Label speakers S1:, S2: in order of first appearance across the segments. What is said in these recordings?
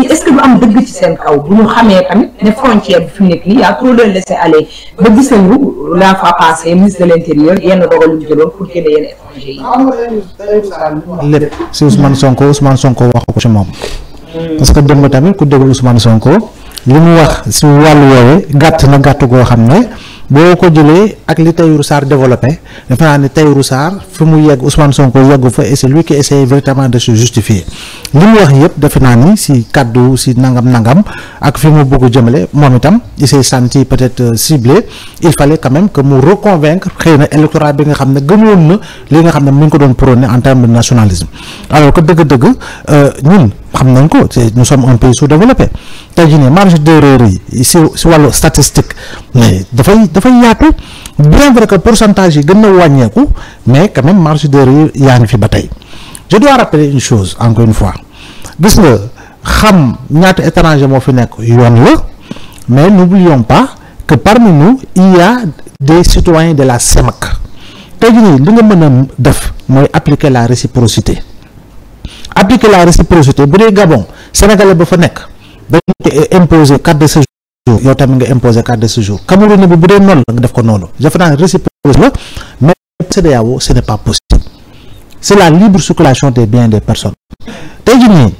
S1: aussi est-ce que du am dëgg ci seen kaw bu ñu xamee tamit ne frontière bi fi nekk nii y trop de laisser aller ba gis nañu la fois passée ministre de l'intérieur yenn dogal yu mu pour génne yenn étranger yi. lépp si Ousmane Sonko Ousmane Sonko wax ko ci moom. parce que démb tamit ku déglu Ousmane Sonko li mu wax si wàllu woowee gàtt na gàtt koo xam ne. boo ko jëlee ak li Tahirou Sarr développé dafa naa ne Tahirou Sarr fi mu yegg Ousmane Sonko yeggu fa et c'est lui qui essaie li mu wax yëpp defe naa ni si kàddu si nangam nangam ak fi mu bëgg jëmale moom itam il s'est senti peut-être euh, ciblé il fallait quand même que mu reconvaincre xëy na électorat bi nga xam ne gëmoon na li nga xam ne mu ngi ko doon prôné en termes de nationalisme alors que dëgg-dëgg euh, ñun xam nañ ko nous sommes un pays sous-développé tey jii ne marge d'erreur yi si si wàllu statistique mais dafay dafay yaatu bien vrai que pourcentage yi gën na wàññeeku mais quand même marge d'erreur yi yaa ngi fi ba tey je dois rappeler une chose encore une fois gis nga xam ñaata étranger moo fi nekk yoon la mais n'oublions pas que parmi nous il a des citoyens de la CEMAC tey jii li nga mën a def mooy appliquer la réciprocité appliquer la réciprocité bu dee Gabon sénégalais ba fa nekk dañ ko imposer carte de séjour yow tamit nga imposer carte de séjour Cameroun bi bu dee noonu la nga def ko noonu defe naa réciprocité la mais CEDEAO ce n'est pas possible c'est la libre circulation des biens des personnes tey jii nii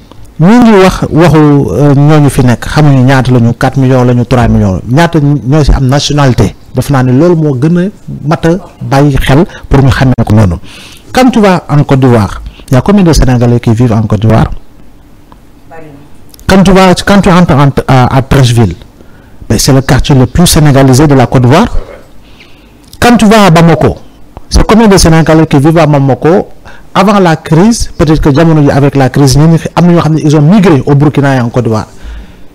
S1: ñu ngi wax waxu euh, ñooñu fi nekk xamuñu ñaata lañu 4 millions lañu 3 millions ñaata ñoo si am nationalité def naa ne loolu moo gën a mat a bàyyi xel pour ñu xamee ko noonu quand tu vas en Côte d'Ivoire y a combien de Sénégalais qui vivent en Côte d'Ivoire quand tu vas quand tu rentres à, à Treichville mais c'est le quartier le plus sénégalisé de la Côte d'Ivoire quand tu vas à Bamako c'est combien de Sénégalais qui vivent à Bamako avant la crise peut-être que jamono ji avec la crise ñi am na ñoo xam ne ils ont migré au Burkina et en Côte d'Ivoire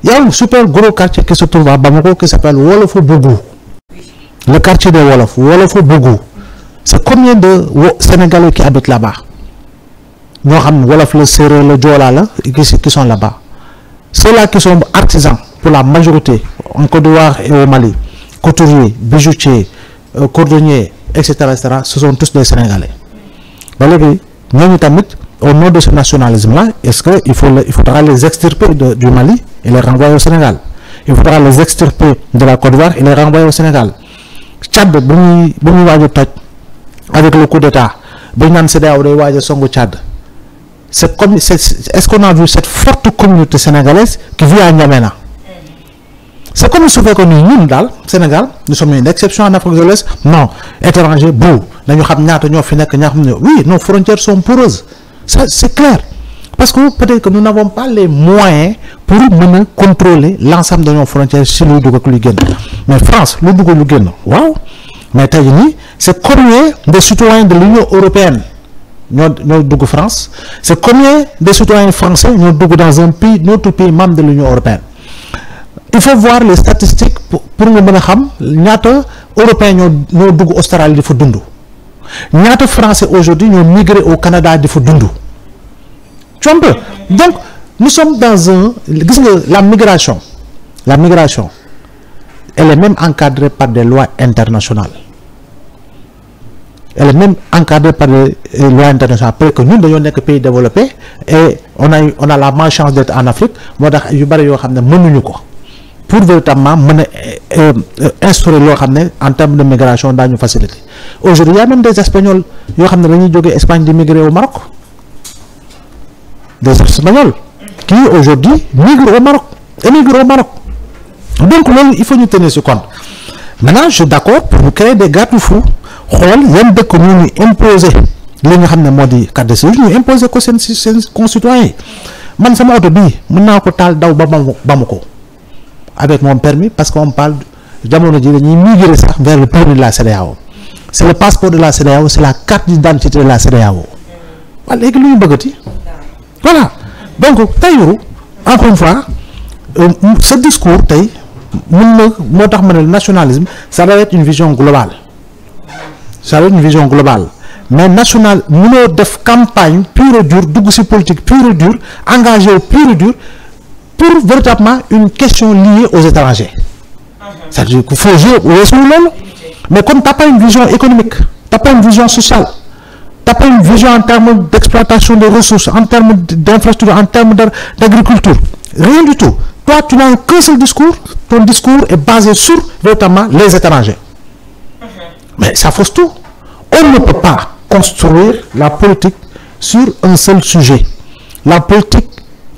S1: a un super gros quartier qui se trouve à Bamako qui s'appelle Wolofo-Bougou le quartier des Wolofs Wolofo-Bougou c'est combien de Sénégalais qui habitent là-bas ñoo xam ne Wolof la Séeréer la Joola la qui sont là-bas ceux-là qui sont artisans pour la majorité en Côte d'Ivoire et au Mali couturiers bijoutiers euh, cordonniers etc etc ce sont tous des Sénégalais ba léegi ñooñu tamit au nom de ce nationalisme là est-ce que il faut il faudra les extirper du Mali et les Sénégal il faudra les extirper de la Côte d'Ivoire et les renvoyer au Sénégal Tchad bu muy bu muy waaj a toj avec le coup d'État bi ñu naan CEDEAO day waaj songu Tchad c'est comme est forte communauté sénégalaise qui vit à N'Djamena c'est comme su fekkoon ni ñun daal Sénégal nous sommes une exception en Afrique de l'Ouest non étranger bu nañu xam ñaata ñoo fi nekk ñaa xam ne oui nos frontières sont poreuses ça c'est clair parce que peut-être que nous n'avons pas moyens pour mën a contrôler l'ensemble de nos frontières si luy dugg ak luy génn mais France lu dugg lu génn waaw mais tey nii c'est combien de citoyens de l'Union européenne ñoo dugg France c'est combien de il faut voir les statistiques pour nga mën a xam ñaata européens ñoo ñoo dugg Australie di fa dund ñaata français aujourd'hui ñoo migré au Canada di fa dund tu vois donc nous dans un gis nga la migration la migration elle est même encadrée par des lois internationales elle est même par des lois internationales que ñun dañoo nekk pays développé et on a on a la malchance d'être en Afrique moo tax yu bari yoo xam ne mënuñu ko. pour véritablement mën a euh, euh, euh, instaurer loo xam ne en termes de migration daañu facilité aujourd'hui y a même des espagnols yoo xam ne dañuy jógee Espagne di migrer au des espagnols qui aujourd'hui migrent au Maroc émigrent au loolu il faut ñu tenir ci compte maintenant je suis d'accord pour ñu créer des garde-fous xool yan dëkk ñu ñu imposer li nga xam ne moo di carte de séjour ñu imposer ko seen seen concitoyens yi man sama oto bii mën naa ko taal daw ba mu bamu ko. avec mon permis parce qu'on parle jamono ji dañuy migrer sax vers le permis la CEDEAO c'est le passeport de la CEDEAO c'est la carte d'identité de la CEDEAO waaw léegi lu ñu bëggati voilà donc Tahirou encore une fois ce euh, discours tey mën na moo tax ma ne nationalisme ça doit être une vision globale ça doit être une vision globale mais national mënoo def campagne pure dure dugg ci politique pure dure engagé wu dure pour véritablement une question liée aux étrangers. C'est-à-dire qu'il faut jouer au loolu mais comme tu pas une vision économique, tu pas une vision sociale, tu n'as pas une vision en termes d'exploitation des ressources, en termes d'infrastructure, en termes d'agriculture, rien du tout. Toi, tu seul discours, ton discours est basé sur notamment les étrangers. Mais ça fausse tout. On ne peut pas construire la politique sur un seul sujet.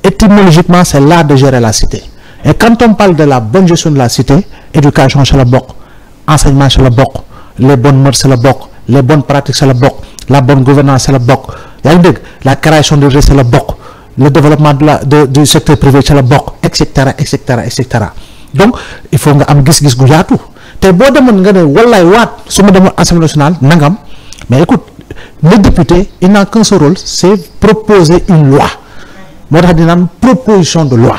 S1: étymologiquement c'est l'art de gérer la cité et quand on de la bonne gestion de la cité éducation ci la bokk enseignement ci la bokk les bonnes mœurs ci la bokk les bonnes pratiques ci la bokk la bonne gouvernance ci la bokk yaa ngi la création de richesse ci la bokk le développement de la de du secteur privé ci la bokk et cetera et cetera donc il faut nga am gis-gis gu yaatu te boo demoon nga ne wallaay waat su ma demoon assemblée nationale nangam mais écoute le député n'a qu'un seul rôle c'est moo tax dinaan proposition de loi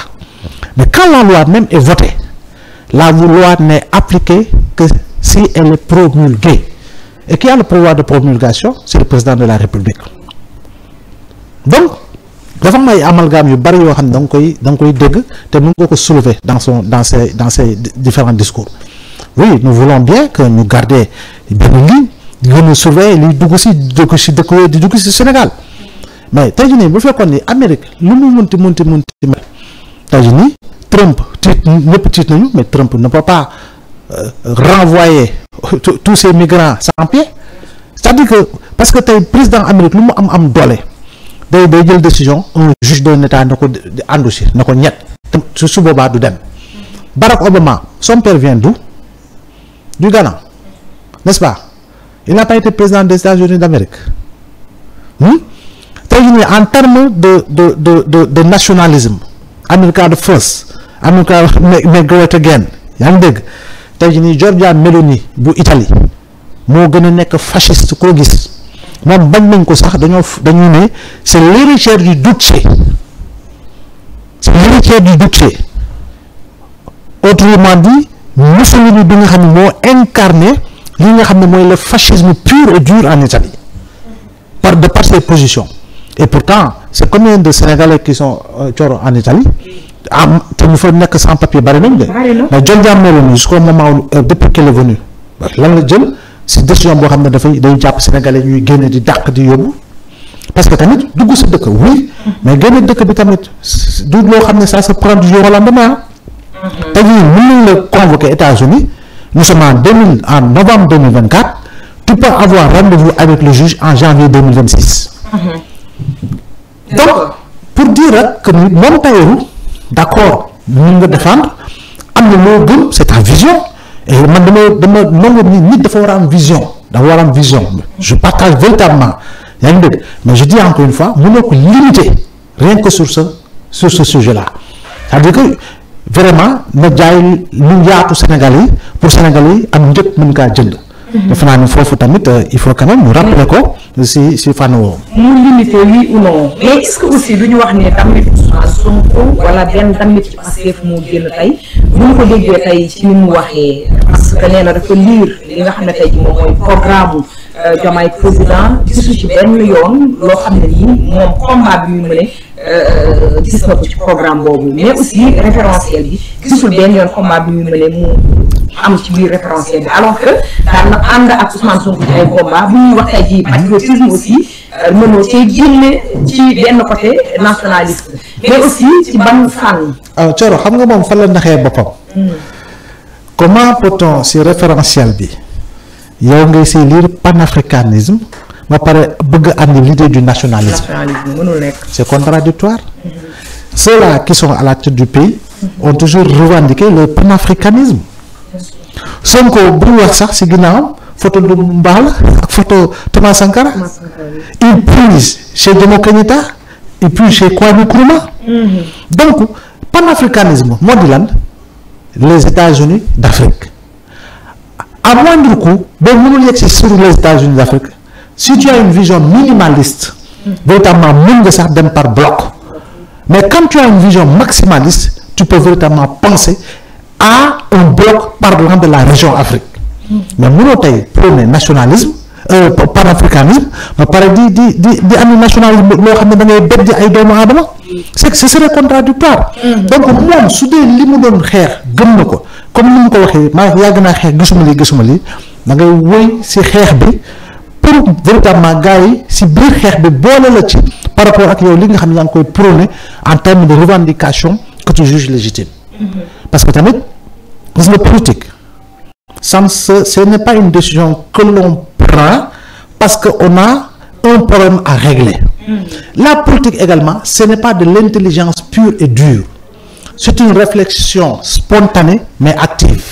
S1: mais quand la loi même et votée la loi n'est appliquée que si elle est promulguée et qui a le de promulgation c'est le président de la république donc dafa may amalgame yu bari yoo xam ne da nga koy da koy dégg te mën nga ko soulever dans son dans ses dans ses différents discours oui nous voulons bien que ñu garder benn ligne gën a surveiller liy dugg si dugg si dëkk di dugg si Sénégal mais tey jii bu fekk ni Amérique lu mu munti munti munti mel tey jii nii Trump tiit ñëpp tiit nañu mais Trump ne peut pas euh, renvoyer tous ces migrants sans pied cest dire que parce que tey président Amérique lu mu am am doole day day jël décision un juge d'un état na ko àndu na ko ñett su su boobaa du dem Barack Obama son père vient d'où du Ghana nest pas il n'a pas été président des États-Unis d'Amérique hmm? tey jii en terme de de de de de nationalisme America the first America make great again yaa ngi dégg tey jii nii Giorgia Meloni bu Italie moo gën a nekk fasciste koo gis moom bañ nañ ko sax dañoo dañuy ne c'est l'héritière du Duce c'est l'héritière du Duce autrement dit Mussolini bi nga xam ne moo incarné li nga xam ne mooy le fascisme pur et dur en Italie par de par ses positions. et pourtant c'est combien de Sénégalais qui sont euh, Thioro en Italie am ah, te ñu fa nekk sans papier bari nañ de mais John Diamé la jusqu'au moment euh, depuis qu'elle lan la jël si décision boo xam ne dafay day jàpp Sénégalais ñuy génne di dàq di yóbbu parce que tamit dugg si dëkk oui mais génne dëkk bi tamit du loo xam ne ça se prend du jour au lendemain mhm. tey jii mën nañ la convoquer États-Unis nous sommes en 2000 en novembre 2024 tu peux avoir rendez-vous avec le donc pour dire rek que moom Tahirou d' accord mun nga défendre am na loo gëm c' est ta vision et man dama dama nangu nit nit dafa war a am vision dafa war a am vision je partage véritablement yaa ngi dégg mais je dis encore une fois mënoo ko limiter rien sur ce sur ce sujet là c' est à dire que vraiment na jaay lu yaatu Sénégal yi pour Sénégal yi am njëkk mën kaa jënd. Mm-hmm. defe foofu tamit euh, il faut quand même ñu rappeler ko si si fànn mu limité oui ou non mais est aussi duñu wax ne tamit Sonko wala benn tamit ci Pastef moo génn tey bu ko déggee tey ci ni mu waxee parce nee na dafa liir li nga xam ne tey moom euh, moom combat bi muy mëne euh, gis na ko ci programme boobu mais aussi référentiel bi gisul benn yoon combat bi muy mëne mu. am ci biir référentiel bi alors que daan na ànd ak Ousmane Sonko ci ay combat bu ñuy wax tey jii patriotisme aussi euh, ci benn ci ban fànn. ah xam nga moom fan la naxee boppam. Hmm. comment peut-on si bi yow ngay say lire panafricanisme ba pare bëgg a andi l'idée du nationalisme. mënul nekk. c'est contradictoire. Hmm. ceux-là qui du pays. Hmm. ont toujours revendiqué le panafricanisme. Sonko bu ñu sax si ginnaawam photo Lumumba la ak photo Thomas Sankara il puise chez Jomo Kenyatta il puise chez Kwame Nkrumah mm-hmm. donc panafricanisme moo di les États-Unis d'Afrique à moindre coût boo mënul yegg si sur les États-Unis d'Afrique si tu as une vision minimaliste mm-hmm. véritablement mën nga sax dem par bloc mais quand tu as une vision maximaliste tu peux véritablement penser un bloc parlant de la région Afrique mais mënoo tey prôné nationalisme euh, panafricanisme ba pare di di di di am nationalisme loo xam ne da ngay beddi ay doomu aadama c'est que ce serait donc moom su dee li mu doon xeex gën na ko comme ni mu ko waxee maa yàgg naa xeex gisuma lii gisuma lii da ngay wéy si xeex bi pour véritablement gars yi si biir xeex bi boole la ci par rapport ak yow li nga xam ne yaa ngi koy prôné en termes de revendication que tu juges
S2: gis nga politique
S1: sans ce n'est pas une décision que l'on prend parce que on a un problème à régler mm. la politique également ce n'est pas de l'intelligence pure et dure c'est une réflexion spontanée mais active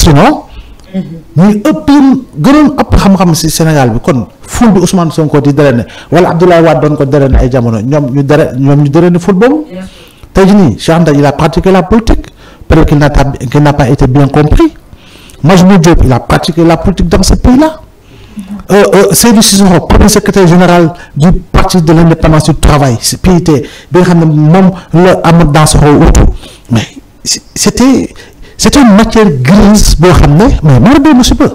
S1: sinon mm-hmm. ñuy ëpp yi gënoon ëpp xam-xam ci Sénégal bi kon ful bi Ousmane Sonko di drainer wala Abdoulaye Wade doon ko drainer ay jamono ñoom ñu dra ñoom ñu drainer ful boobu tey jii nii Cheikh Anta il a pratiqué la politique peut-être qu'il n'a qu pas été bien compris Majhemout Diop il a pratiqué la politique dans ce pays-là euh, euh, premier secrétaire général du parti de l'indépendance du travail PIT bi nga xam ne moom la Amath Dansokho wutu mais c'était c'était une matière grise boo xam ne mais mara bee musiba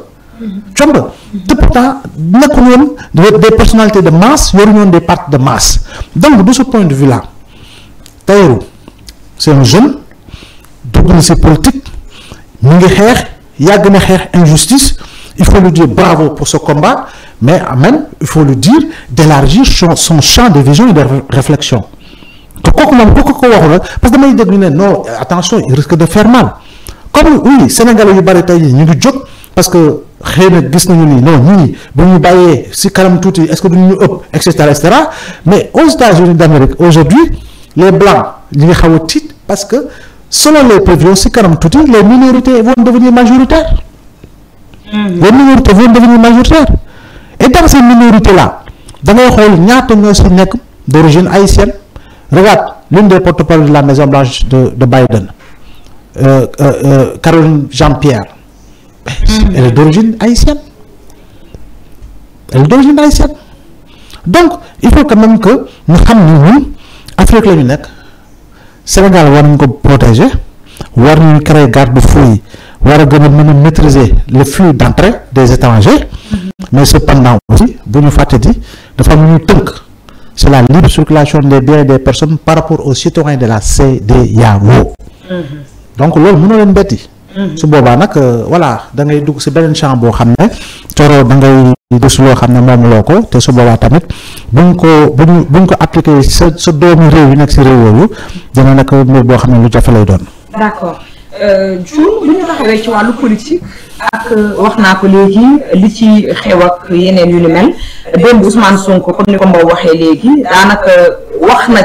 S1: comba te pourtant nekku woon des personnalités de masse yoru ñoon des partis de masse donc de ce point de vue là Tahirou c'est un jeune prognose politique mu ngi xeex yàgg ne xeex injustice il faut lui dire bravo pour ce combat mais même il faut lui dire d'élargir son son champ de vision et de réflexion te kooku moom kooku ko waxu parce que damay déglu ne non attention il risque de faire mal comme oui Sénégalais yu bëri tey ñu ngi jóg parce que xëy na gis nañu ni non ñii bu ñu bàyyee si kanam tuuti est-ce que duñu ñu ëpp et cetera et cetera mais aux États-Unis d'Amérique aujourd'hui les blancs ñi ngi xaw a tiit parce que. selon les prévisions si kanam tuuti les minorités vont devenir majoritaires. Hmm. les minorités vont devenir majoritaires et dans ces minorités là da ngay ñaata ñoo si nekk ay origine haïtienne regarde l'une des porte de la Maison Blanche de de Biden euh, euh, euh, Caroline Jean-Pierre. Hmm. elle est d' origine haïtienne elle est d' origine haïtienne donc il faut quand même que ñu xam ni ñun Afrique la nekk. Sénégal war ñu ko protéger war nañ créer garde-fou yi war a gën a mën a maîtriser le flux d'entrée des étrangers mm-hmm. mais cependant aussi bu ñu fàtte di dafa am ñu tënk c'est la libre circulation des biens et des personnes par rapport aux citoyens de la CEDEAO mm-hmm. donc loolu mënoo leen betti mm-hmm. su boobaa nag euh, voilà da ngay dugg si beneen champ boo xam ne coroo da ngay gis loo xam ne moom loo ko te su boobaa tamit buñ ko buñ buñ ko appliqué sa sa doomi réew yi nekk si réew yooyu dina nekk mbir boo xam ne lu jafe lay doon. d'accord euh, Diouf bu ñu taxawee ci wàllu politique ak euh, wax naa ko léegi li ci xew ak yeneen yu ni mel démb Ousmane Sonko comme ni ko Mbow waxee léegi daanaka wax na